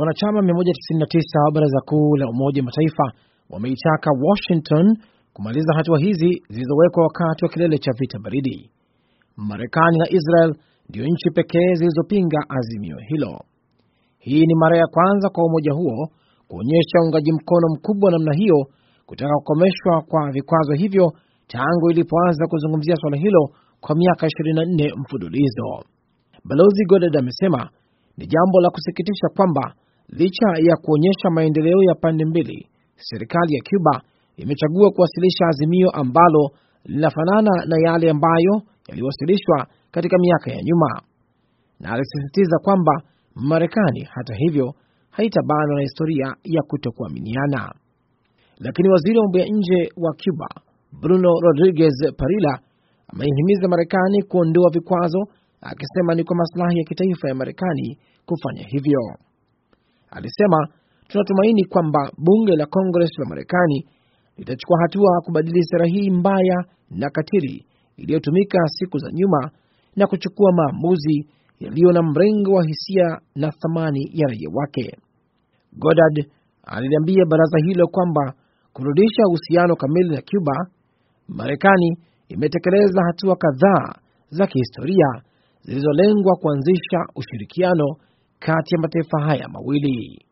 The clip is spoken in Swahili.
Wanachama 199 wa Baraza Kuu la Umoja Mataifa wameitaka Washington kumaliza hatua hizi zilizowekwa wakati wa kilele cha vita baridi. Marekani na Israel ndio nchi pekee zilizopinga azimio hilo. Hii ni mara ya kwanza kwa umoja huo kuonyesha uungaji mkono mkubwa namna hiyo kutaka kukomeshwa kwa vikwazo hivyo tangu ilipoanza kuzungumzia suala hilo kwa miaka 24 mfululizo. Balozi Goded amesema ni jambo la kusikitisha kwamba Licha ya kuonyesha maendeleo ya pande mbili, serikali ya Cuba imechagua kuwasilisha azimio ambalo linafanana na yale ambayo yaliwasilishwa katika miaka ya nyuma, na alisisitiza kwamba Marekani hata hivyo haitabanwa na historia ya kutokuaminiana. Lakini waziri wa mambo ya nje wa Cuba Bruno Rodriguez Parilla ameihimiza Marekani kuondoa vikwazo, akisema ni kwa maslahi ya kitaifa ya Marekani kufanya hivyo alisema tunatumaini kwamba bunge la Kongres la Marekani litachukua hatua kubadili sera hii mbaya na katili iliyotumika siku za nyuma na kuchukua maamuzi yaliyo na mrengo wa hisia na thamani ya raia wake. Godard aliliambia baraza hilo kwamba kurudisha uhusiano kamili na Cuba, Marekani imetekeleza hatua kadhaa za kihistoria zilizolengwa kuanzisha ushirikiano kati ya mataifa haya mawili.